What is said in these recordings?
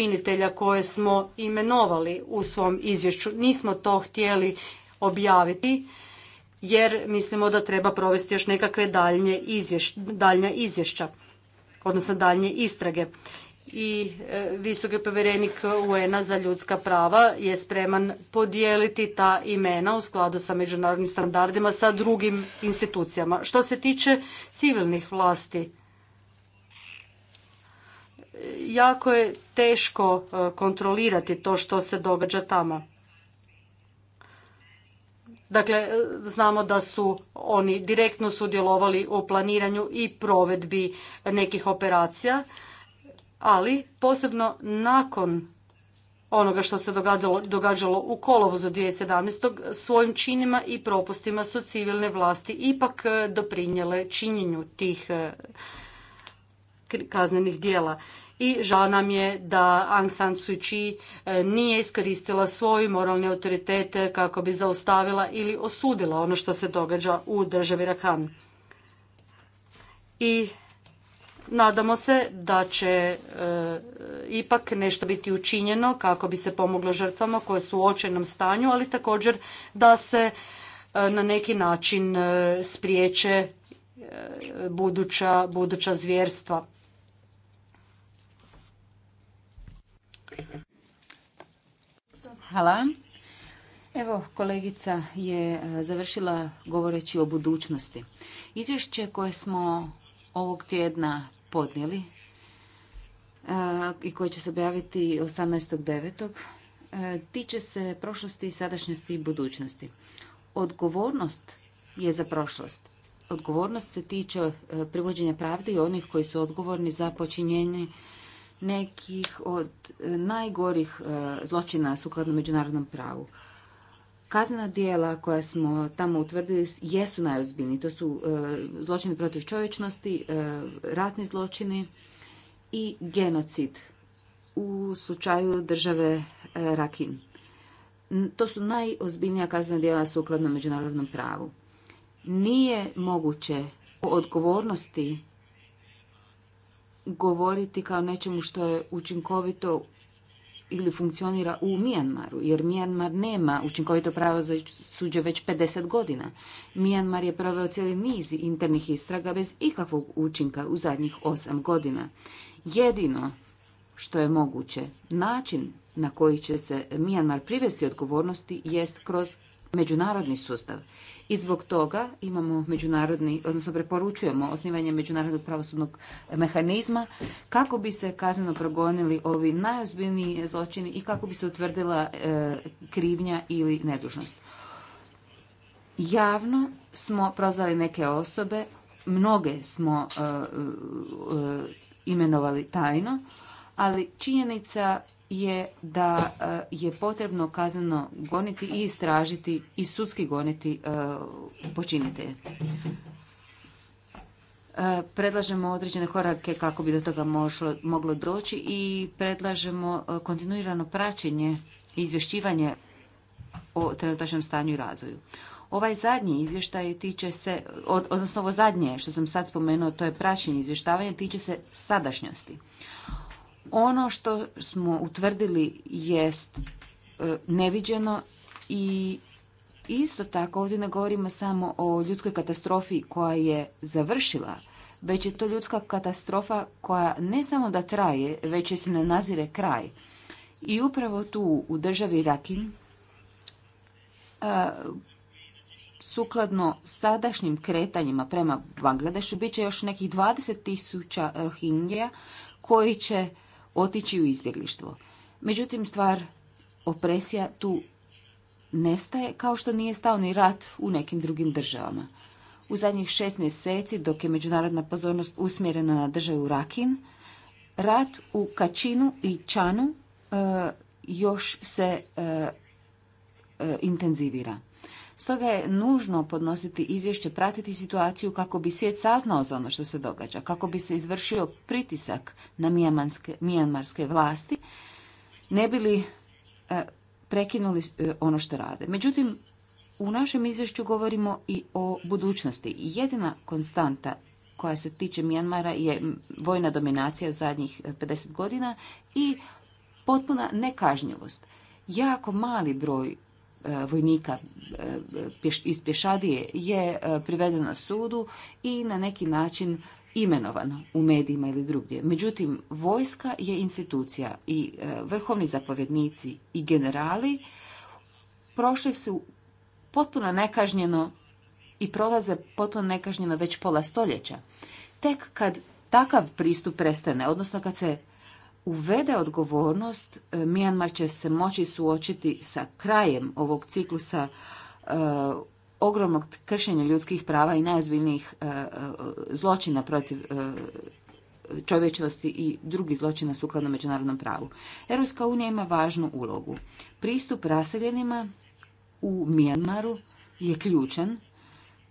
činitelja koje smo imenovali u svom izvješću. Nismo to htjeli objaviti jer mislimo da treba provesti još nekakve daljnje izvješća, daljnja izvješća, odnosno daljnje istrage. I e, visoki povjerenik UN-a za ljudska prava je spreman podijeliti ta imena u skladu sa međunarodnim standardima sa drugim institucijama. Što se tiče civilnih vlasti, jako je teško e, kontrolirati to što se događa tamo. Dakle, e, znamo da su oni direktno sudjelovali u planiranju i provedbi nekih operacija, ali posebno nakon onoga što se događalo, događalo u kolovozu 2017. svojim činima i propustima su civilne vlasti ipak e, doprinjele činjenju tih kaznenih dijela i žao nam je da Aung San Suu Kyi e, nije iskoristila svoj moralni autoritet kako bi zaustavila ili osudila ono što se događa u državi Rakhine. I nadamo se da će e, ipak nešto biti učinjeno kako bi se pomoglo žrtvama koje su u očajnom stanju, ali također da se e, na neki način spriječe buduća, buduća zvjerstva. Hvala. Evo, kolegica je e, završila govoreći o budućnosti. Izvješće koje smo ovog tjedna podnijeli e, i koje će se objaviti 18.9. E, tiče se prošlosti, sadašnjosti i budućnosti. Odgovornost je za prošlost. Odgovornost se tiče privođenja pravde i onih koji su odgovorni za počinjenje nekih od e, najgorih e, zločina sukladno međunarodnom pravu. Kazna dijela koja smo tamo utvrdili jesu najozbiljniji. To su e, zločini protiv čovječnosti, ratni zločini i genocid u slučaju države Rakin. To su najozbiljnija kaznena dijela sukladno međunarodnom pravu. Nije moguće po odgovornosti govoriti kao nečemu što je učinkovito ili funkcionira u Mijanmaru, jer Mijanmar nema učinkovito pravo za suđe već 50 godina. Mijanmar je proveo cijeli niz internih istraga bez ikakvog učinka u zadnjih 8 godina. Jedino što je moguće, način na koji će se Mijanmar privesti odgovornosti jest kroz međunarodni sustav i zbog toga imamo međunarodni, odnosno preporučujemo osnivanje međunarodnog pravosudnog mehanizma kako bi se kazneno progonili ovi najozbiljniji zločini i kako bi se utvrdila e, krivnja ili nedužnost. Javno smo prozvali neke osobe, mnoge smo e, e, imenovali tajno, ali činjenica je da e, je potrebno kazneno goniti i istražiti i sudski goniti e, počinitelje. E, predlažemo određene korake kako bi do toga moglo doći i predlažemo kontinuirano praćenje i izvješćivanje o trenutačnom stanju i razvoju. Ovaj zadnji izvještaj tiče se, odnosno ovo zadnje što sam sad spomenuo, to je praćenje izvještavanje, tiče se sadašnjosti. Ono što smo utvrdili jest e, neviđeno i isto tako ovdje ne govorimo samo o ljudskoj katastrofi koja je završila, već je to ljudska katastrofa koja ne samo da traje, već se ne nazire kraj. I upravo tu u državi Rakin e, sukladno sadašnjim kretanjima prema Bangladešu bit će još nekih 20 tisuća Rohingija koji će otići u izbjeglištvo. Međutim, stvar opresija tu nestaje kao što nije stao ni rat u nekim drugim državama. U zadnjih šest mjeseci, dok je međunarodna pozornost usmjerena na državu Rakin, rat u Kačinu i Čanu e, još se e, e, intenzivira. Stoga je nužno podnositi izvješće, pratiti situaciju kako bi svijet saznao za ono što se događa, kako bi se izvršio pritisak na mijanmarske vlasti, ne bi li e, prekinuli e, ono što rade. Međutim, u našem izvješću govorimo i o budućnosti. Jedina konstanta koja se tiče Mijanmara je vojna dominacija u zadnjih 50 e, godina i potpuna nekažnjivost. Jako mali broj E, vojnika e, iz pješadije je e, privedeno sudu i na neki način imenovan u medijima ili drugdje. Međutim, vojska je institucija i vrhovni zapovjednici i generali prošli su potpuno nekažnjeno i prolaze potpuno nekažnjeno već pola stoljeća. Tek kad takav pristup prestane, odnosno kad se uvede odgovornost, e, Mijanmar će se moći suočiti sa krajem ovog ciklusa e, ogromnog kršenja ljudskih prava i najozbiljnijih e, zločina protiv čovječnosti i drugih zločina sukladno međunarodnom pravu. Europska unija ima važnu ulogu. Pristup raseljenima u Mijanmaru je ključan.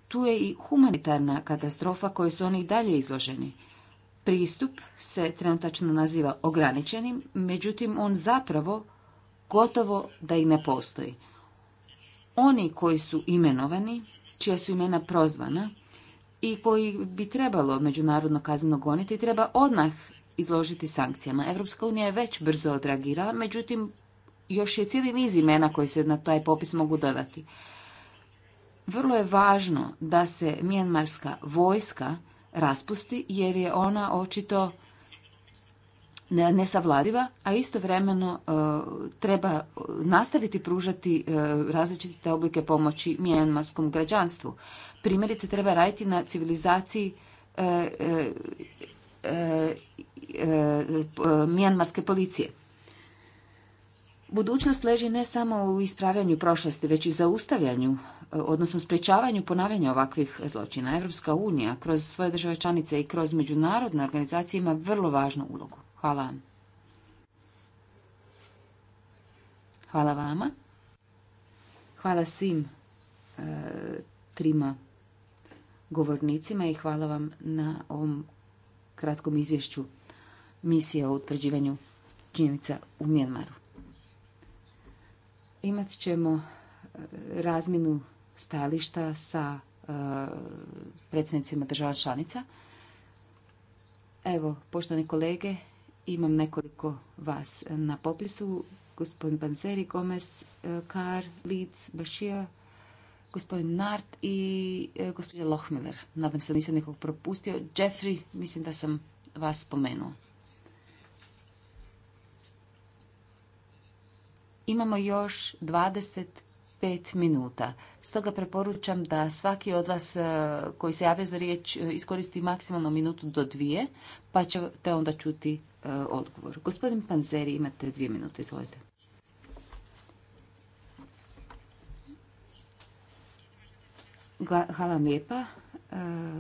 Tu je i humanitarna katastrofa kojoj su oni dalje izloženi pristup se trenutačno naziva ograničenim, međutim on zapravo gotovo da i ne postoji. Oni koji su imenovani, čija su imena prozvana i koji bi trebalo međunarodno kazneno goniti, treba odmah izložiti sankcijama. Evropska unija je već brzo odreagirala, međutim još je cijeli niz imena koji se na taj popis mogu dodati. Vrlo je važno da se mijenmarska vojska raspusti jer je ona očito nesavladiva, a istovremeno e, treba nastaviti pružati e, različite oblike pomoći mijenmarskom građanstvu. Primjerice treba raditi na civilizaciji e, mijenmarske policije. Budućnost leži ne samo u ispravljanju prošlosti, već i zaustavljanju odnosno sprječavanju ponavljanja ovakvih zločina. Evropska unija kroz svoje države članice i kroz međunarodne organizacije ima vrlo važnu ulogu. Hvala vam. Hvala vama. Hvala svim e, trima govornicima i hvala vam na ovom kratkom izvješću misije o utvrđivanju činjenica u Mjenmaru. Imat ćemo e, razminu stajališta sa e, predsjednicima država članica. Evo, poštovani kolege, imam nekoliko vas na popisu. Gospodin Banzeri, Gomez, e, Kar, Lidz, Bašija, gospodin Nart i e, gospodin Lohmiller. Nadam se da nisam nekog propustio. Jeffrey, mislim da sam vas spomenuo. Imamo još 20 pet minuta. Stoga preporučam da svaki od vas e, koji se jave za riječ e, iskoristi maksimalno minutu do dvije, pa ćete onda čuti e, odgovor. Gospodin Panzeri, imate dvije minute, izvolite. Hvala vam lijepa,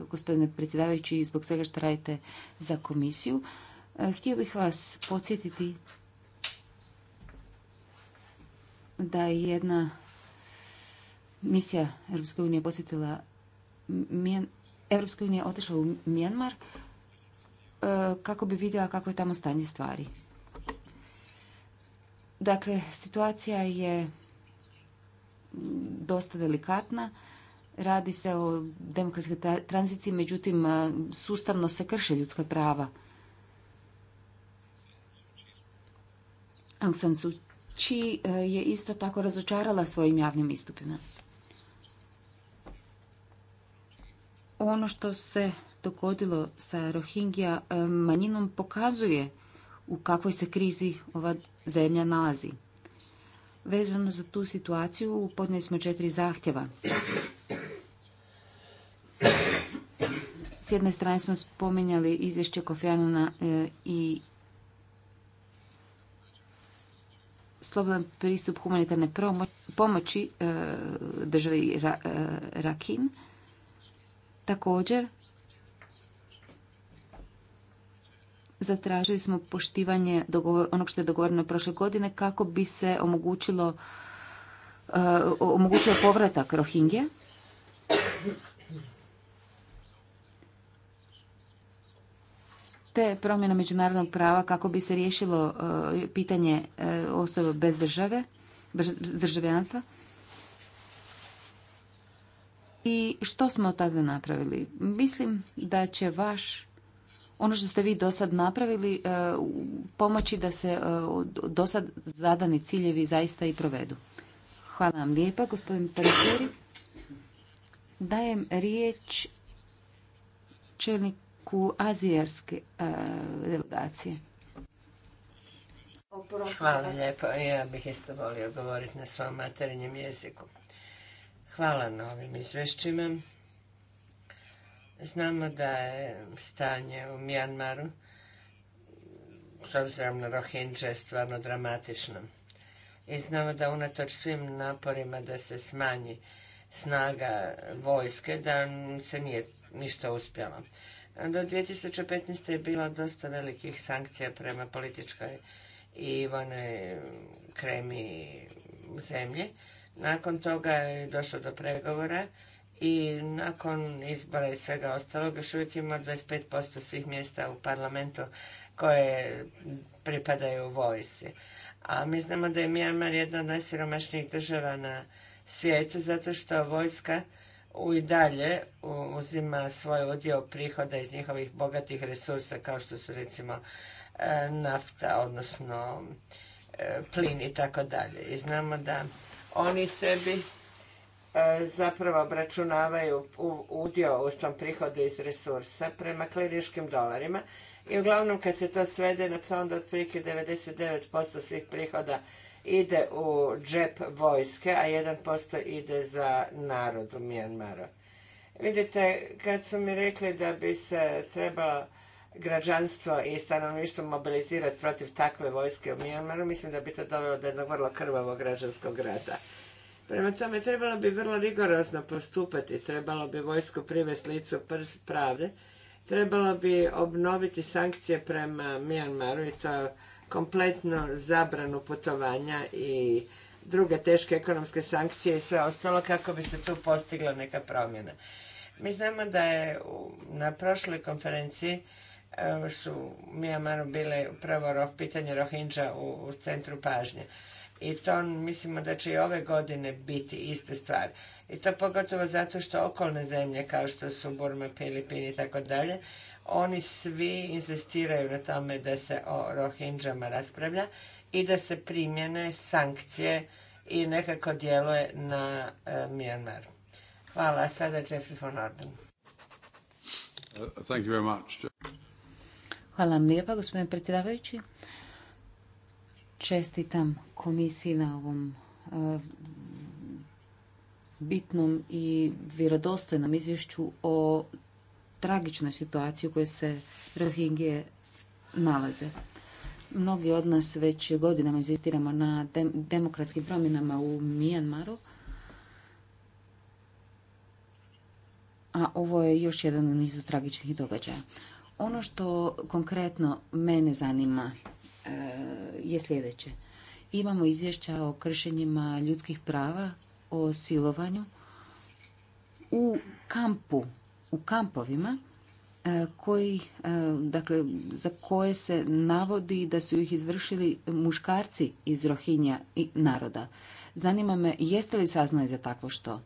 gospodine predsjedavajući, zbog svega što radite za komisiju. Htio bih vas podsjetiti da je jedna misija Europske unije posjetila Europska unija otišla u Mijanmar e, kako bi vidjela kako je tamo stanje stvari. Dakle, situacija je dosta delikatna. Radi se o demokratskoj tranziciji, međutim, e, sustavno se krše ljudska prava. Aung San Suu Kyi e, je isto tako razočarala svojim javnim istupima. ono što se dogodilo sa Rohingya e, manjinom pokazuje u kakvoj se krizi ova zemlja nalazi. Vezano za tu situaciju podnijeli smo četiri zahtjeva. S jedne strane smo spominjali izvješće Kofijanina e, i slobodan pristup humanitarne pomoći e, državi Rakin – Također, zatražili smo poštivanje onog što je dogovoreno prošle godine kako bi se omogućilo eh, omogućio povratak Rohingje. Te promjena međunarodnog prava kako bi se riješilo eh, pitanje eh, osoba bez države, državljanstva. I što smo tada napravili? Mislim da će vaš ono što ste vi do sad napravili e, pomoći da se e, do sad zadani ciljevi zaista i provedu. Hvala vam lijepa, gospodin Pariseri. Dajem riječ čelniku azijarske e, delegacije. Hvala lijepa, Ja bih isto volio govoriti na svom materinjem jeziku. Hvala na ovim izvješćima. Znamo da je stanje u Mijanmaru s obzirom na Rohingya, stvarno dramatično. I znamo da unatoč svim naporima da se smanji snaga vojske, da se nije ništa uspjelo. Do 2015. je bilo dosta velikih sankcija prema političkoj i vojnoj kremi zemlje nakon toga je došlo do pregovora i nakon izbora i svega ostalog još uvijek ima 25% svih mjesta u parlamentu koje pripadaju vojsi. A mi znamo da je Mijanmar jedna od najsiromašnijih država na svijetu zato što vojska u i dalje uzima svoj udio prihoda iz njihovih bogatih resursa kao što su recimo e, nafta, odnosno e, plin i tako dalje. I znamo da oni sebi e, zapravo obračunavaju udio u tom prihodu iz resursa prema kliničkim dolarima i uglavnom kad se to svede na to onda otprilike 99% svih prihoda ide u džep vojske, a 1% ide za narod u Mijanmaru. Vidite, kad su mi rekli da bi se trebala građanstvo i stanovništvo mobilizirati protiv takve vojske u Mijanmaru, mislim da bi to dovelo do jednog vrlo krvavog građanskog rata. Prema tome, trebalo bi vrlo rigorozno postupati, trebalo bi vojsku privesti licu pravde, trebalo bi obnoviti sankcije prema Mijanmaru i to kompletno zabranu putovanja i druge teške ekonomske sankcije i sve ostalo kako bi se tu postigla neka promjena. Mi znamo da je na prošloj konferenciji su Mijamaru bile upravo pitanje Rohinđa u, centru pažnje. I to mislimo da će i ove godine biti iste stvari. I to pogotovo zato što okolne zemlje kao što su Burma, Filipini i tako dalje, oni svi insistiraju na tome da se o Rohinđama raspravlja i da se primjene sankcije i nekako djeluje na e, Hvala. Sada Jeffrey von Orden. Uh, thank you very much. Hvala vam lijepa, gospodine predsjedavajući. Čestitam komisiji na ovom eh, bitnom i vjerodostojnom izvješću o tragičnoj situaciji u kojoj se Rohingije nalaze. Mnogi od nas već godinama insistiramo na demokratskim promjenama u Mijanmaru, a ovo je još jedan u nizu tragičnih događaja. Ono što konkretno mene zanima e, je sljedeće. Imamo izvješća o kršenjima ljudskih prava, o silovanju u kampu, u kampovima e, koji, e, dakle, za koje se navodi da su ih izvršili muškarci iz Rohinja i naroda. Zanima me, jeste li saznali za takvo što?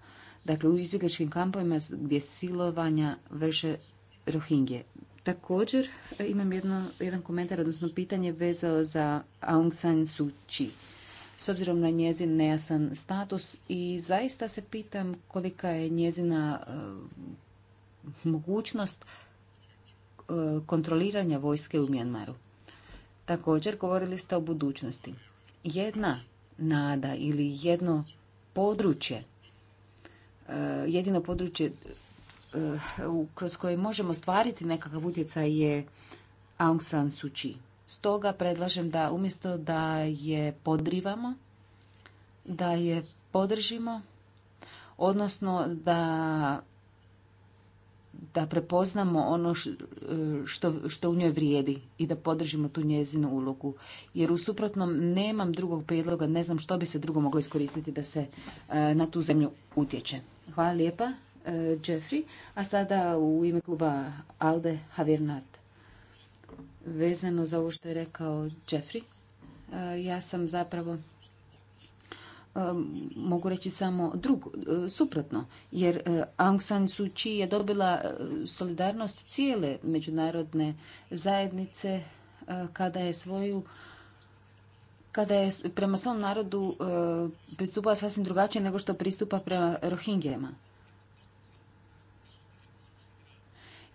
Dakle, u izbjegličkim kampovima gdje silovanja vrše Rohingje. Također e, imam jedno, jedan komentar, odnosno pitanje vezao za Aung San Suu Kyi. S obzirom na njezin nejasan status i zaista se pitam kolika je njezina e, mogućnost e, kontroliranja vojske u Mjanmaru. Također govorili ste o budućnosti. Jedna nada ili jedno područje, jedino područje Eh, kroz koje možemo stvariti nekakav utjecaj je Aung San Suu Kyi. Stoga predlažem da umjesto da je podrivamo, da je podržimo, odnosno da, da prepoznamo ono eh, što, što u njoj vrijedi i da podržimo tu njezinu ulogu. Jer u suprotnom nemam drugog prijedloga, ne znam što bi se drugo moglo iskoristiti da se eh, na tu zemlju utječe. Hvala lijepa. E, Jeffrey, a sada u ime kluba Alde Javier Nart. Vezano za ovo što je rekao Jeffrey, e, ja sam zapravo e, mogu reći samo drug, suprotno, jer Aung San Suu Kyi je dobila solidarnost cijele međunarodne zajednice kada je svoju kada je prema svom narodu pristupala sasvim drugačije nego što pristupa prema Rohingjama.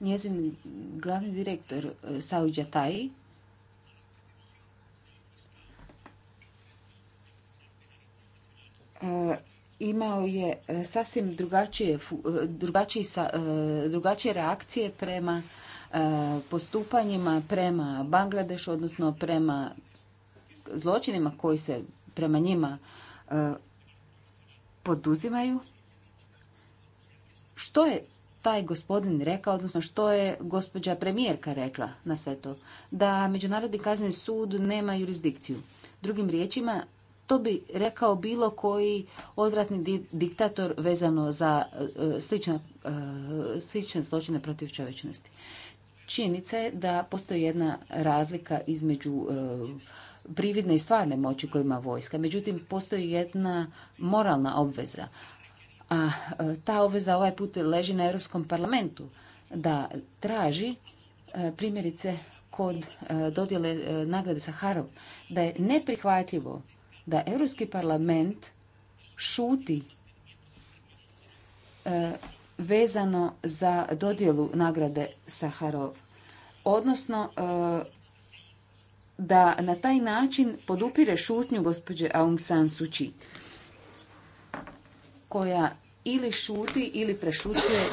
njezin glavni direktor e, Sauđa Taj e, imao je e, sasvim drugačije, drugačije, drugačije reakcije prema postupanjima prema Bangladešu, odnosno prema zločinima koji se prema njima poduzimaju. Što je taj gospodin rekao, odnosno što je gospođa premijerka rekla na sve to, da Međunarodni kazneni sud nema jurisdikciju. Drugim riječima, to bi rekao bilo koji odvratni diktator vezano za e, e, slične, zločine protiv čovječnosti. Činjenica je da postoji jedna razlika između e, prividne i stvarne moći kojima ima vojska. Međutim, postoji jedna moralna obveza, a e, ta obveza ovaj put leži na Europskom parlamentu da traži e, primjerice kod e, dodjele nagrade Saharov da je neprihvatljivo da Europski parlament šuti vezano za dodjelu nagrade Saharov. Odnosno, da na taj način podupire šutnju gospođe Aung San Suu Kyi koja ili šuti ili prešućuje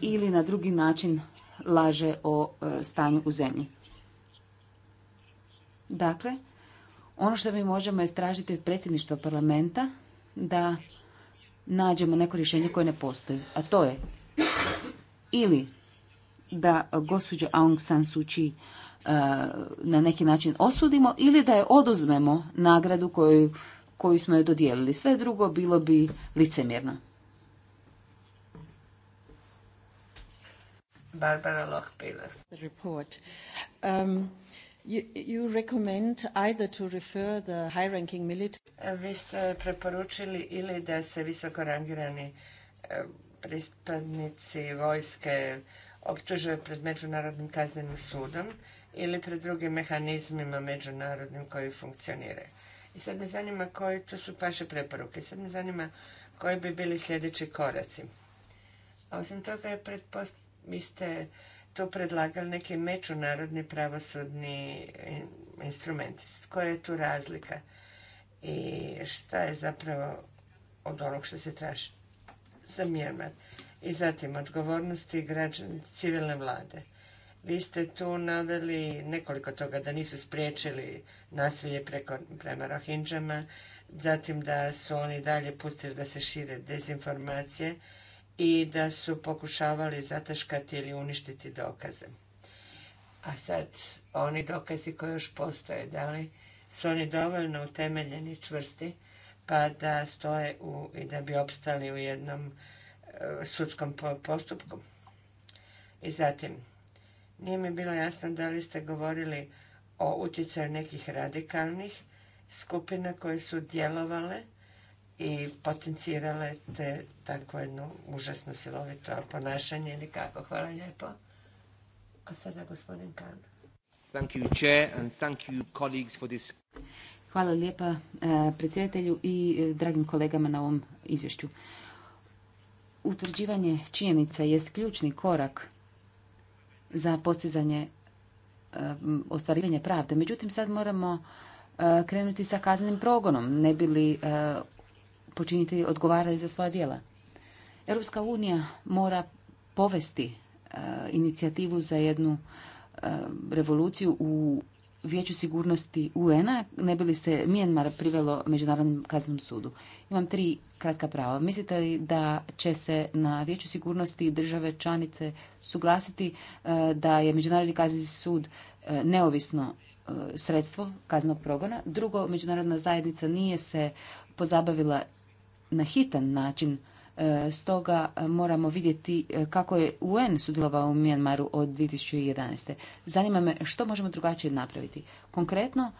ili na drugi način laže o e, stanju u zemlji. Dakle, ono što mi možemo stražiti od predsjedništva parlamenta da nađemo neko rješenje koje ne postoji, a to je ili da gospođo Aung San Suu Kyi e, na neki način osudimo ili da je oduzmemo nagradu koju koju smo joj dodijelili. Sve drugo bilo bi licemjerno. Barbara Lochbiller. Um, you, recommend either to refer the high-ranking military... E, vi ste preporučili ili da se visoko rangirani e, pripadnici vojske optužuje pred Međunarodnim kaznenim sudom ili pred drugim mehanizmima međunarodnim koji funkcioniraju. I sad me zanima koje to su vaše preporuke. Sad me zanima koji bi bili sljedeći koraci. A osim toga je vi ste tu predlagali neki međunarodni pravosudni instrument. Koja je tu razlika? I šta je zapravo od onog što se traži za Mijanmar? I zatim odgovornosti građana civilne vlade. Vi ste tu naveli nekoliko toga, da nisu spriječili nasilje prema Rohinđama, zatim da su oni dalje pustili da se šire dezinformacije i da su pokušavali zataškati ili uništiti dokaze. A sad, oni dokazi koji još postoje, da li su oni dovoljno utemeljeni čvrsti pa da stoje i da bi opstali u jednom e, sudskom postupku? I zatim, nije mi bilo jasno da li ste govorili o utjecaju nekih radikalnih skupina koje su djelovale i potencirale te takvo jedno užasno silovito ponašanje ili kako. Hvala lijepo. A sada gospodin Kahn. Thank you, Chair, and thank you, colleagues, for this. Hvala lijepa e, predsjedatelju i e, dragim kolegama na ovom izvješću. Utvrđivanje činjenica je ključni korak za postizanje eh, ostvarivanje pravde. Međutim, sad moramo eh, krenuti sa kaznenim progonom, ne bi li eh, počinitelji odgovarali za svoja djela. Europska unija mora povesti inicijativu za jednu revoluciju u Vijeću sigurnosti UN-a ne bi li se Mijenmar privelo Međunarodnom kaznom sudu. Imam tri kratka prava. Mislite li da će se na Vijeću sigurnosti države članice suglasiti e, da je Međunarodni kazni sud e, neovisno e, sredstvo kaznog progona? Drugo, Međunarodna zajednica nije se pozabavila na hitan način E, stoga e, moramo vidjeti e, kako je UN sudjelovao u Mijanmaru od 2011. Zanima me što možemo drugačije napraviti. Konkretno,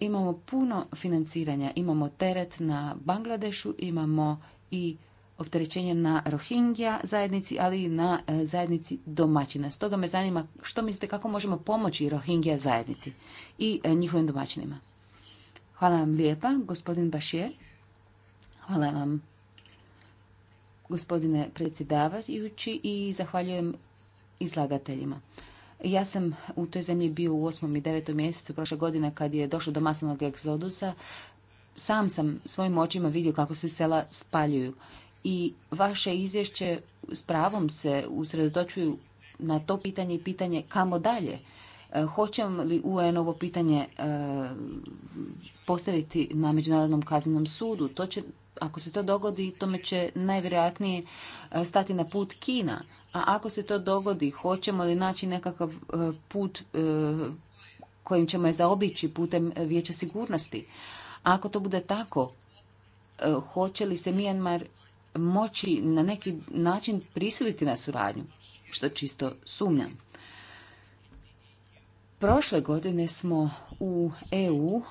imamo puno financiranja. Imamo teret na Bangladešu, imamo i opterećenje na Rohingya zajednici, ali i na zajednici domaćina. Stoga me zanima što mislite kako možemo pomoći Rohingya zajednici i njihovim domaćinima. Hvala vam lijepa, gospodin Bašir. Hvala vam gospodine predsjedavajući i zahvaljujem izlagateljima. Ja sam u toj zemlji bio u 8. i 9. mjesecu prošle godine kad je došlo do masovnog egzodusa. Sam sam svojim očima vidio kako se sela spaljuju i vaše izvješće s pravom se usredotočuju na to pitanje i pitanje kamo dalje. E, Hoćem li UN ovo pitanje e, postaviti na Međunarodnom kaznenom sudu? To će ako se to dogodi, tome će najvjerojatnije e, stati na put Kina. A ako se to dogodi, hoćemo li naći nekakav e, put e, kojim ćemo je zaobići putem vijeća sigurnosti? A ako to bude tako, hoće li se Mijanmar moći na neki način prisiliti na suradnju? Što čisto sumnjam. Prošle godine smo u EU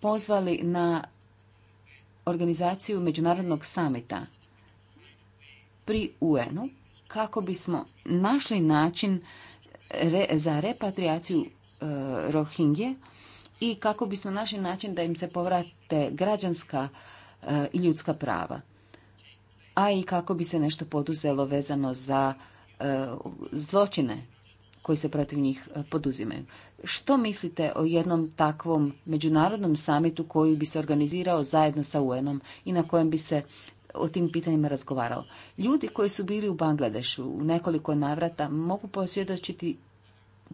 pozvali na organizaciju Međunarodnog samita pri UN-u kako bismo našli način za repatriaciju e, Rohingje i kako bismo našli način da im se povrate građanska e, i ljudska prava, a i kako bi se nešto poduzelo vezano za e, zločine koji se protiv njih e, poduzimaju. Što mislite o jednom takvom međunarodnom samitu koji bi se organizirao zajedno sa UN-om i na kojem bi se o tim pitanjima razgovarao? Ljudi koji su bili u Bangladešu u nekoliko navrata mogu posvjedočiti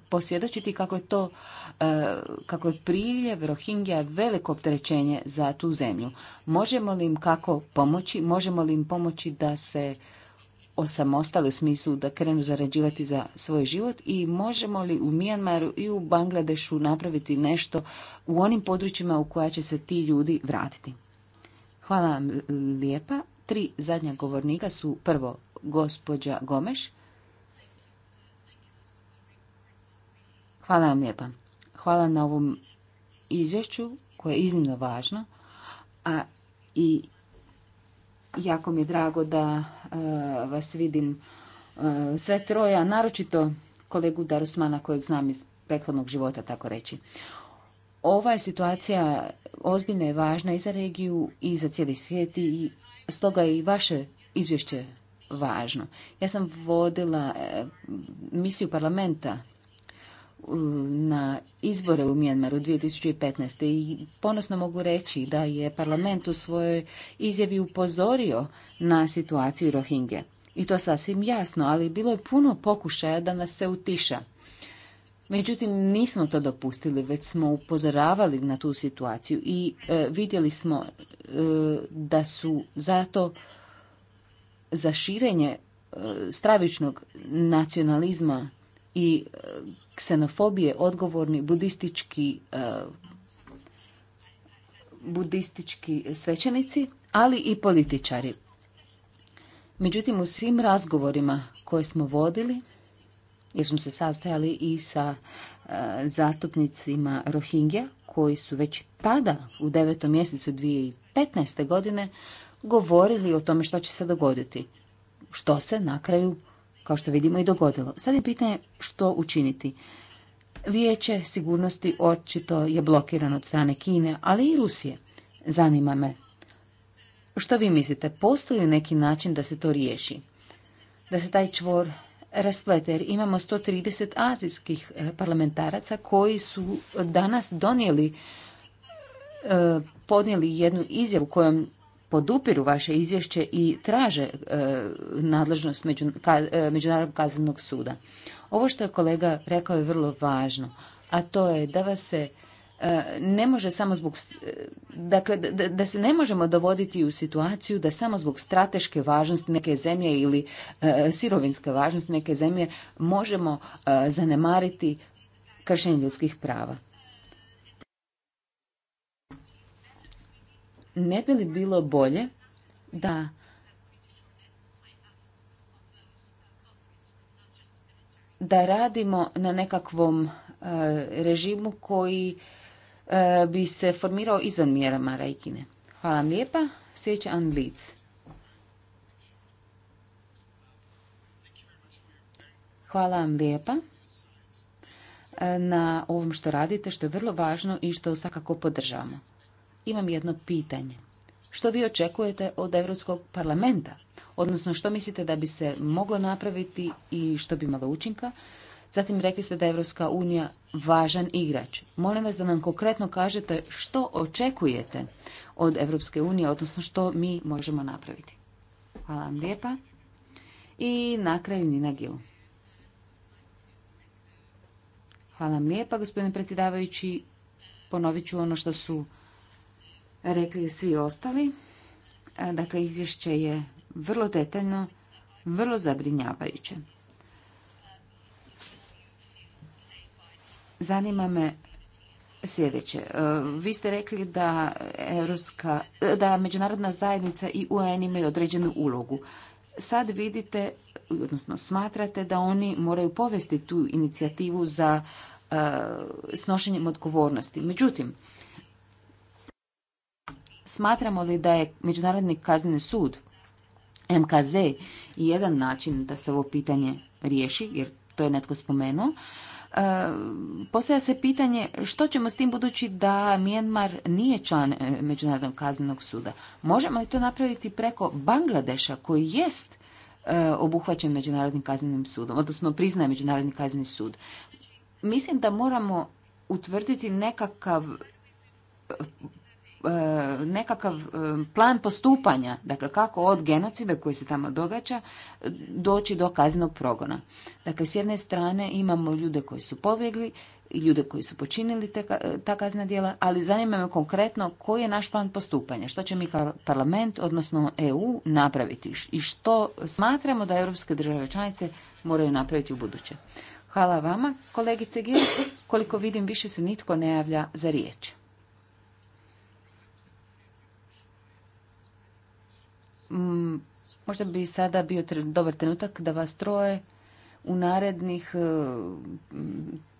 posvjedočiti kako je to e, kako je priljev Rohingja veliko opterećenje za tu zemlju. Možemo li im kako pomoći? Možemo li im pomoći da se osamostali u smislu da krenu zarađivati za svoj život i možemo li u Mijanmaru i u Bangladešu napraviti nešto u onim područjima u koja će se ti ljudi vratiti. Hvala vam lijepa. Tri zadnja govornika su prvo gospođa Gomeš. Hvala vam lijepa. Hvala na ovom izvješću koje je iznimno važno, a i Jako mi je drago da e, vas vidim e, sve troja, naročito kolegu Darusmana kojeg znam iz prethodnog života, tako reći. Ova je situacija ozbiljna je važna i za regiju i za cijeli svijet i stoga je i vaše izvješće važno. Ja sam vodila e, misiju parlamenta na izbore u Mijanmaru 2015. i ponosno mogu reći da je parlament u svojoj izjavi upozorio na situaciju Rohingje. I to sasvim jasno, ali bilo je puno pokušaja da nas se utiša. Međutim, nismo to dopustili, već smo upozoravali na tu situaciju i e, vidjeli smo e, da su zato za širenje e, stravičnog nacionalizma i ksenofobije odgovorni budistički e, budistički svećenici, ali i političari. Međutim, u svim razgovorima koje smo vodili, jer smo se sastajali i sa e, zastupnicima Rohingja, koji su već tada, u devetom mjesecu 2015. godine, govorili o tome što će se dogoditi. Što se na kraju kao što vidimo i dogodilo. Sad je pitanje što učiniti. Vijeće sigurnosti očito je blokirano od strane Kine, ali i Rusije. Zanima me. Što vi mislite, postoji neki način da se to riješi? Da se taj čvor rasplete, jer imamo 130 azijskih e, parlamentaraca koji su danas donijeli, e, podnijeli jednu izjavu kojom podupiru vaše izvješće i traže e, nadležnost e, Međunarodnog kaznenog suda. Ovo što je kolega rekao je vrlo važno, a to je da vas se e, ne može samo zbog dakle da, se ne možemo dovoditi u situaciju da samo zbog strateške važnosti neke zemlje ili sirovinske važnosti neke zemlje možemo zanemariti kršenje ljudskih prava ne bi li bilo bolje da da radimo na nekakvom e, režimu koji e, bi se formirao izvan mjerama Rajkine. Hvala vam lijepa. Sjeća Ann Hvala vam lijepa e, na ovom što radite, što je vrlo važno i što svakako podržavamo imam jedno pitanje. Što vi očekujete od Europskog parlamenta? Odnosno, što mislite da bi se moglo napraviti i što bi imalo učinka? Zatim rekli ste da je Evropska unija važan igrač. Molim vas da nam konkretno kažete što očekujete od Evropske unije, odnosno što mi možemo napraviti. Hvala vam lijepa. I na kraju Nina Gil. Hvala vam lijepa, gospodine predsjedavajući. Ponovit ću ono što su rekli svi ostali. E, dakle, izvješće je vrlo detaljno, vrlo zabrinjavajuće. Zanima me sljedeće. E, vi ste rekli da, Europska, e, da međunarodna zajednica i UN imaju određenu ulogu. Sad vidite, odnosno smatrate da oni moraju povesti tu inicijativu za snošenjem odgovornosti. Međutim, Smatramo li da je Međunarodni kazneni sud MKZ jedan način da se ovo pitanje riješi, jer to je netko spomenuo, e, postavlja se pitanje što ćemo s tim budući da Mijenmar nije član e, Međunarodnog kaznenog suda. Možemo li to napraviti preko Bangladeša koji jest e, obuhvaćen Međunarodnim kaznenim sudom, odnosno priznaje Međunarodni kazneni sud. Mislim da moramo utvrditi nekakav E, nekakav e, plan postupanja, dakle kako od genocida koji se tamo događa e, doći do kaznenog progona. Dakle, s jedne strane imamo ljude koji su pobjegli i ljude koji su počinili te, ta kazna djela, ali zanima me konkretno koji je naš plan postupanja, što će mi kao parlament, odnosno EU, napraviti i što smatramo da europske države članice moraju napraviti u buduće. Hvala vama, kolegice Gil. Koliko vidim, više se nitko ne javlja za riječ. Mm, možda bi sada bio dobar trenutak da vas troje u narednih 15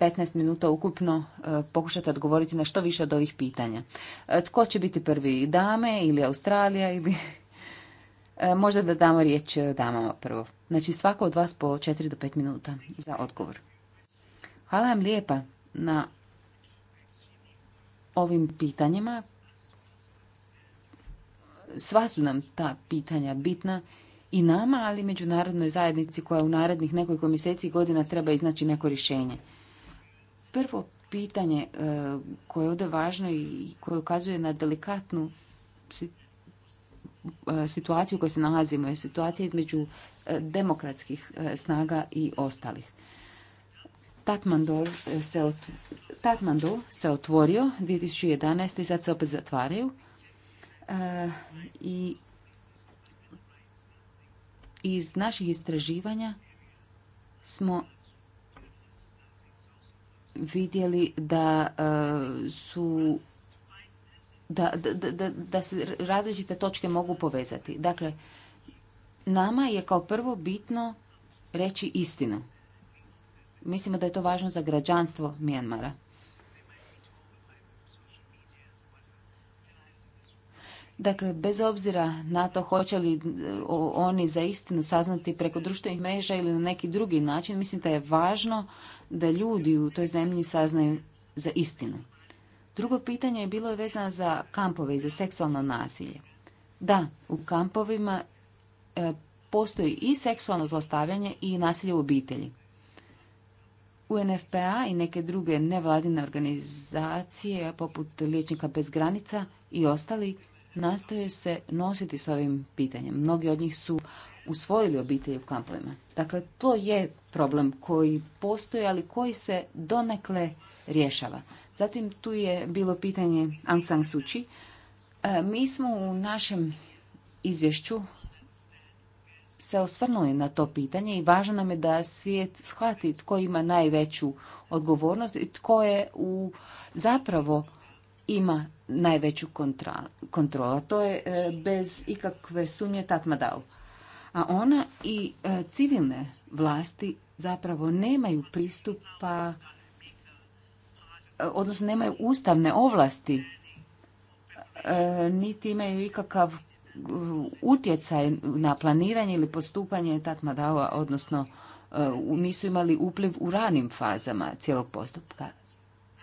e, mm, minuta ukupno e, pokušate odgovoriti na što više od ovih pitanja. E, tko će biti prvi? Dame ili Australija? Ili... Možda da damo riječ damama prvo. Znači svako od vas po 4 do 5 minuta za odgovor. Hvala vam lijepa na ovim pitanjima sva su nam ta pitanja bitna i nama, ali i međunarodnoj zajednici koja u narednih nekoliko mjeseci i godina treba iznaći neko rješenje. Prvo pitanje e, koje je ovdje važno i koje ukazuje na delikatnu e, situaciju u kojoj se nalazimo je situacija između e, demokratskih snaga i ostalih. Tatmandol se, otv... se otvorio 2011. i sad se opet zatvaraju i iz naših istraživanja smo vidjeli da e, su da, da, da, da se različite točke mogu povezati. Dakle, nama je kao prvo bitno reći istinu. Mislimo da je to važno za građanstvo Mijanmara. Dakle, bez obzira na to hoće li e, oni za istinu saznati preko društvenih mreža ili na neki drugi način, mislim da je važno da ljudi u toj zemlji saznaju za istinu. Drugo pitanje je bilo vezano za kampove i za seksualno nasilje. Da, u kampovima e, postoji i seksualno zlostavljanje i nasilje u obitelji. UNFPA i neke druge nevladine organizacije poput Liječnika bez granica i ostali nastoje se nositi s ovim pitanjem. Mnogi od njih su usvojili obitelje u kampovima. Dakle, to je problem koji postoji, ali koji se donekle rješava. Zatim tu je bilo pitanje Aung San Suu Kyi. E, mi smo u našem izvješću se osvrnuli na to pitanje i važno nam je da svijet shvati tko ima najveću odgovornost i tko je u zapravo ima najveću kontrolu. kontrola. To je e, bez ikakve sumnje Tatmadao. A ona i e, civilne vlasti zapravo nemaju pristupa, e, odnosno nemaju ustavne ovlasti, niti imaju ikakav utjecaj na planiranje ili postupanje Tatmadao, odnosno nisu imali upliv u ranim fazama cijelog postupka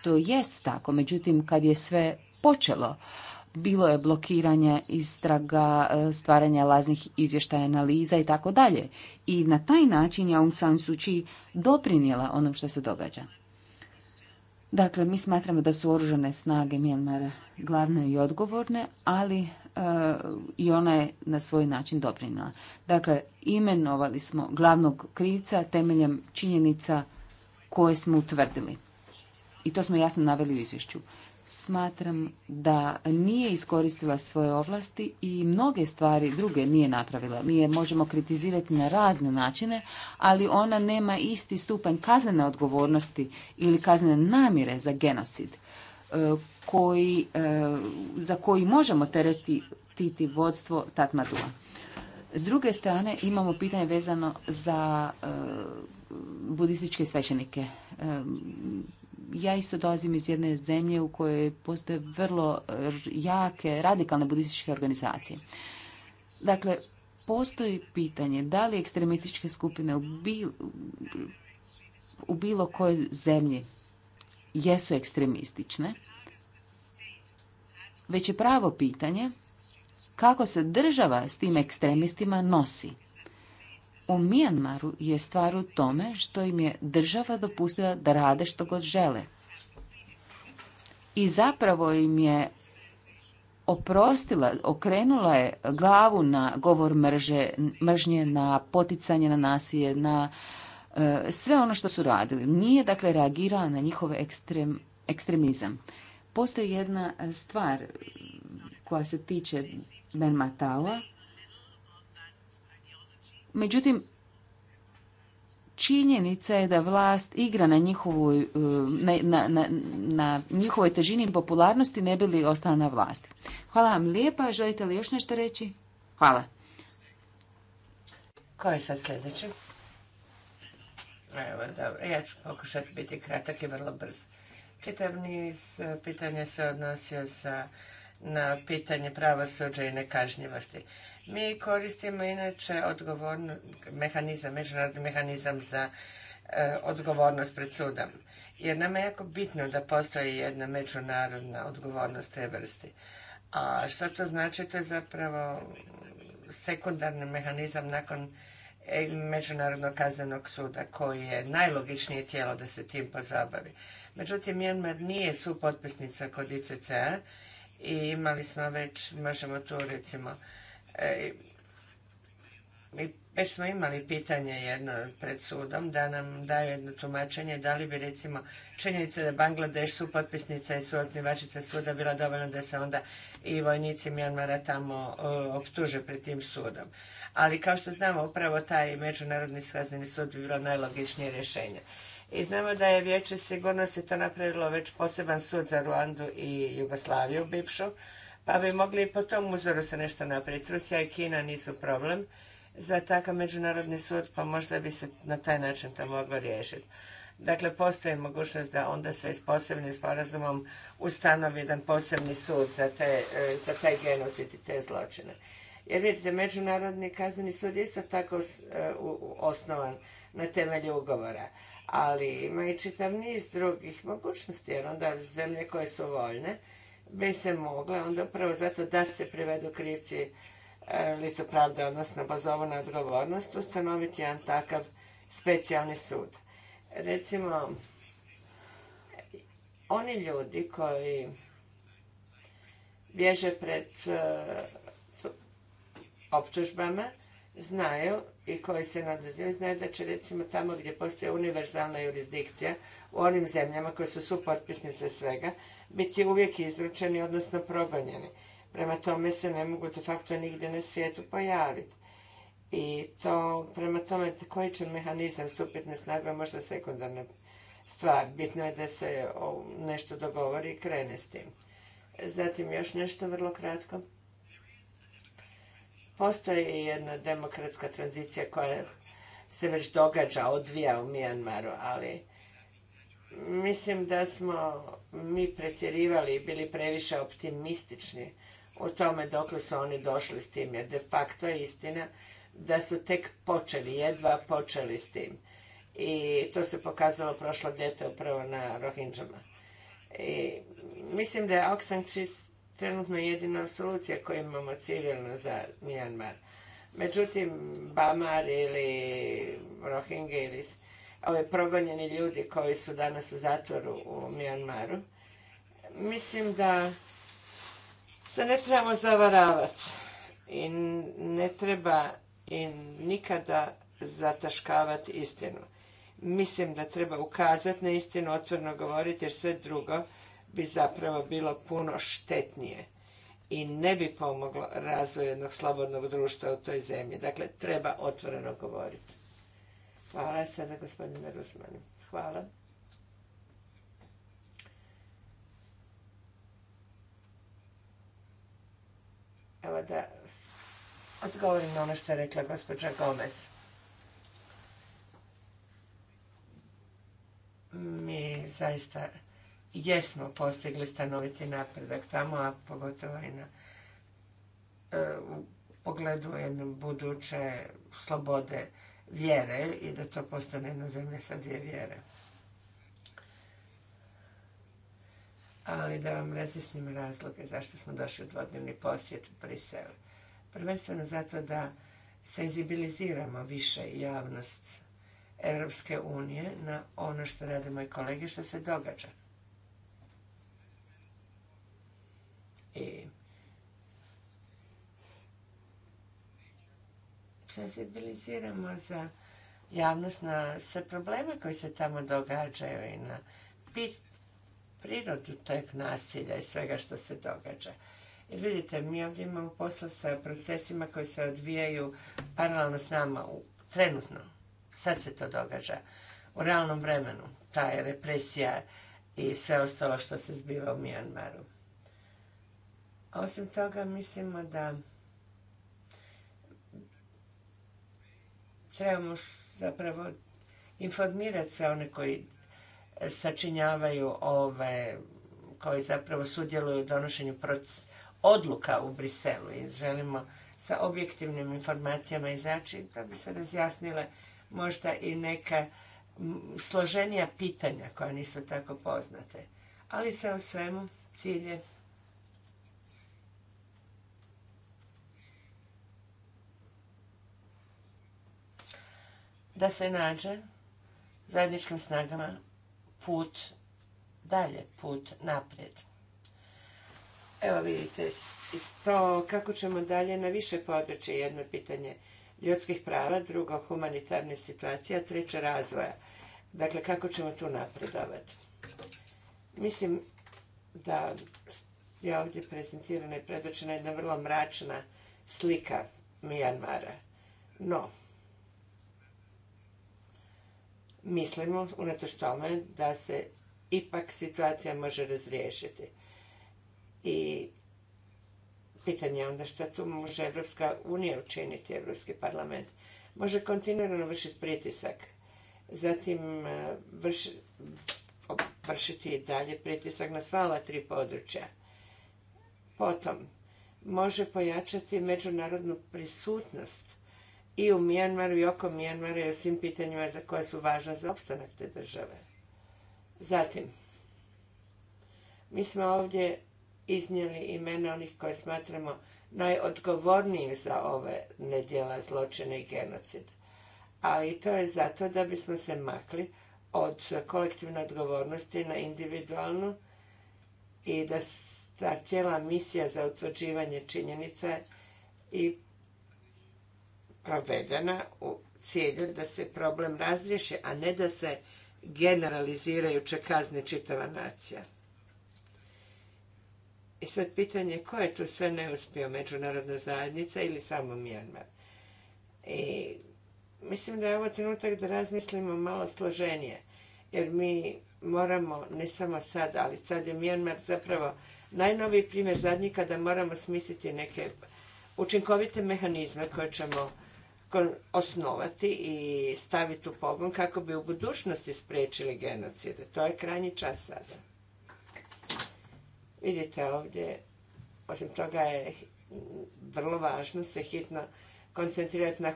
to jest tako. Međutim, kad je sve počelo, bilo je blokiranje istraga, e, stvaranja laznih izvještaja, analiza i tako dalje. I na taj način je Aung San Suu Kyi doprinijela onom što se događa. Dakle, mi smatramo da su oružane snage glavne i odgovorne, ali e, i ona je na svoj način doprinijela. Dakle, imenovali smo glavnog krivca temeljem činjenica koje smo utvrdili i to smo jasno naveli u izvješću. Smatram da nije iskoristila svoje ovlasti i mnoge stvari druge nije napravila. Mi je možemo kritizirati na razne načine, ali ona nema isti stupanj kaznene odgovornosti ili kaznene namjere za genocid e, koji, e, za koji možemo teretiti vodstvo Tatmadua. S druge strane imamo pitanje vezano za e, budističke svećenike ja isto dolazim iz jedne zemlje u kojoj postoje vrlo jake, radikalne budističke organizacije. Dakle, postoji pitanje da li ekstremističke skupine u, u bilo kojoj zemlji jesu ekstremistične, već je pravo pitanje kako se država s tim ekstremistima nosi. U Mijanmaru je stvar u tome što im je država dopustila da rade što god žele. I zapravo im je oprostila, okrenula je glavu na govor mrže, mržnje, na poticanje na nasilje, na e, sve ono što su radili. Nije dakle reagirala na njihov ekstrem, ekstremizam. Postoji jedna stvar koja se tiče Ben Međutim, činjenica je da vlast igra na njihovoj, e, na, na, na, njihovoj težini popularnosti ne bi li ostala na vlasti. Hvala vam lijepa. Želite li još nešto reći? Hvala. Koje je sad sljedeći? Evo, dobro. Ja ću pokušati biti kratak i vrlo brz. Čitav niz e, pitanja se odnosio na pitanje pravosuđa i nekažnjivosti. Mi koristimo inače mehanizam, međunarodni mehanizam za e, odgovornost pred sudom. Jer nam je jako bitno da postoji jedna međunarodna odgovornost te vrsti. A što to znači? To je zapravo sekundarni mehanizam nakon e, Međunarodnog kaznenog suda koji je najlogičnije tijelo da se tim pozabavi. Međutim, Mjanmar nije supotpisnica kod ICC-a i imali smo već, možemo tu recimo mi već smo imali pitanje jedno pred sudom da nam daju jedno tumačenje da li bi recimo činjenica da Bangladeš su potpisnica i suosnivačica suda bila dovoljna da se onda i vojnici Mjanmara tamo e, optuže pred tim sudom. Ali kao što znamo upravo taj međunarodni skazani sud bi bilo najlogičnije rješenje. I znamo da je Vijeće sigurnosti to napravilo već poseban sud za Ruandu i Jugoslaviju bivšu pa bi mogli i po tom uzoru se nešto napraviti. Rusija i Kina nisu problem za takav međunarodni sud, pa možda bi se na taj način to moglo riješiti. Dakle, postoji mogućnost da onda se s posebnim sporazumom ustanovi jedan posebni sud za, te, e, za taj genosid i te zločine. Jer vidite, Međunarodni kazneni sud je isto tako e, osnovan na temelju ugovora. Ali ima i čitav niz drugih mogućnosti, jer onda zemlje koje su voljne, bi se mogle onda upravo zato da se privedu krivci e, licu pravde, odnosno bazovu na odgovornost, ustanoviti jedan takav specijalni sud. Recimo, oni ljudi koji bježe pred e, optužbama znaju i koji se ne znaju da će recimo tamo gdje postoji univerzalna jurisdikcija u onim zemljama koje su supotpisnice svega biti uvijek izručeni, odnosno progonjeni. Prema tome se ne mogu de facto nigdje na svijetu pojaviti. I to, prema tome, koji će mehanizam stupiti na snagu je možda sekundarna stvar. Bitno je da se nešto dogovori i krene s tim. Zatim još nešto vrlo kratko. Postoji jedna demokratska tranzicija koja se već događa, odvija u Mijanmaru, ali Mislim da smo mi pretjerivali i bili previše optimistični o tome dokle su oni došli s tim, jer de facto je istina da su tek počeli, jedva počeli s tim. I to se pokazalo prošlo ljeta upravo na Rohinđama. mislim da je Aung trenutno jedina solucija koju imamo civilno za Mijanmar. Međutim, Bamar ili Rohingya ove progonjeni ljudi koji su danas u zatvoru u Mijanmaru. Mislim da se ne trebamo zavaravati i ne treba i nikada zataškavati istinu. Mislim da treba ukazati na istinu, otvorno govoriti jer sve drugo bi zapravo bilo puno štetnije i ne bi pomoglo razvoju jednog slobodnog društva u toj zemlji. Dakle, treba otvoreno govoriti. Hvala sada gospodine Rusmanu. Hvala. Evo da odgovorim na ono što je rekla gospođa Gomez. Mi zaista jesmo postigli stanoviti napredak tamo, a pogotovo i na e, u pogledu buduće slobode vjere i da to postane jedna zemlja sa dvije vjere. Ali da vam razjasnim razloge zašto smo došli u dvodnevni posjet u Briselu. Prvenstveno zato da senzibiliziramo više javnost Europske unije na ono što radimo moji kolege, što se događa. I sensibiliziramo za javnost na sve probleme koji se tamo događaju i na prirodu tog nasilja i svega što se događa. Jer vidite, mi ovdje imamo posla sa procesima koji se odvijaju paralelno s nama, u, trenutno. Sad se to događa. U realnom vremenu. Ta je represija i sve ostalo što se zbiva u Mijanmaru. Osim toga, mislimo da trebamo zapravo informirati sve one koji sačinjavaju ove, koji zapravo sudjeluju u donošenju odluka u Briselu i želimo sa objektivnim informacijama izaći da bi se razjasnile možda i neka složenija pitanja koja nisu tako poznate. Ali sve u svemu cilj je da se nađe zajedničkim snagama put dalje, put naprijed. Evo vidite, to kako ćemo dalje na više područje, jedno pitanje ljudskih prava, drugo humanitarne situacije, a treće razvoja. Dakle, kako ćemo tu napredovati? Mislim da je ovdje prezentirana i predočena jedna vrlo mračna slika Mijanmara. No, mislimo, unatoč tome, da se ipak situacija može razriješiti. I pitanje je onda što tu može Evropska unija učiniti, Evropski parlament. Može kontinuirano vršiti pritisak, zatim e, vršiti i dalje pritisak na sva ova tri područja. Potom, može pojačati međunarodnu prisutnost i u Mijanmaru i oko Mijanmaru i o svim pitanjima za koje su važna za opstanak te države. Zatim, mi smo ovdje iznijeli imena onih koje smatramo najodgovornijim za ove nedjela zločine i genocid. Ali to je zato da bismo se makli od kolektivne odgovornosti na individualnu i da ta cijela misija za utvrđivanje činjenica i provedena u cilju da se problem razriješi, a ne da se generalizirajuće kazne čitava nacija. I sad pitanje je ko je tu sve neuspio, međunarodna zajednica ili samo Mijanmar? I mislim da je ovo trenutak da razmislimo malo složenije, jer mi moramo, ne samo sad, ali sad je Mijanmar zapravo najnoviji primjer zadnji kada moramo smisliti neke učinkovite mehanizme koje ćemo osnovati i staviti u pogon kako bi u budućnosti spriječili genocide. To je krajnji čas sada. Vidite ovdje, osim toga je vrlo važno se hitno koncentrirati na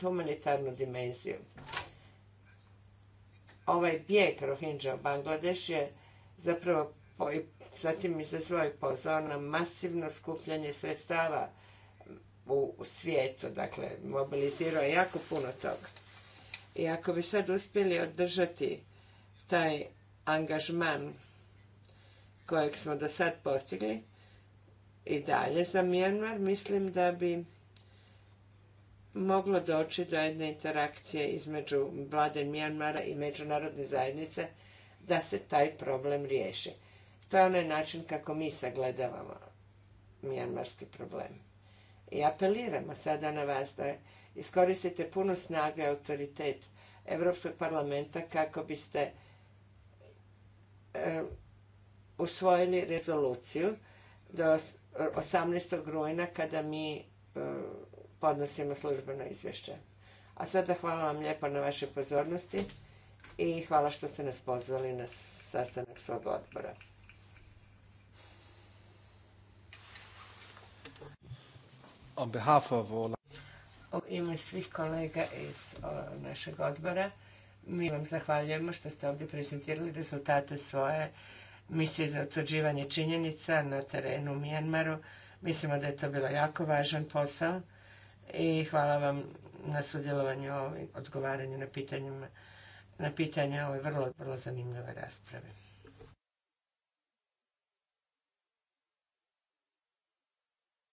humanitarnu dimenziju. Ovaj bijeg Rohingya u Bangladeš je zapravo zatim izazvao se pozor na masivno skupljanje sredstava u svijetu. Dakle, mobilizirao je jako puno toga. I ako bi sad uspjeli održati taj angažman kojeg smo do sad postigli i dalje za Mijanmar, mislim da bi moglo doći do jedne interakcije između vlade Mjanmara i međunarodne zajednice da se taj problem riješi. To je onaj način kako mi sagledavamo mijanmarski problem. I apeliramo sada na vas da iskoristite puno snage i autoritet Europskog parlamenta kako biste e, usvojili rezoluciju do 18. rujna kada mi e, podnosimo službeno izvješće. A sada hvala vam lijepo na vašoj pozornosti i hvala što ste nas pozvali na sastanak svog odbora. on U ime svih kolega iz našeg odbora, mi vam zahvaljujemo što ste ovdje prezentirali rezultate svoje misije za utvrđivanje činjenica na terenu u Mijanmaru. Mislimo da je to bilo jako važan posao i hvala vam na sudjelovanju i odgovaranju na pitanjima na pitanja ove vrlo, vrlo zanimljive rasprave.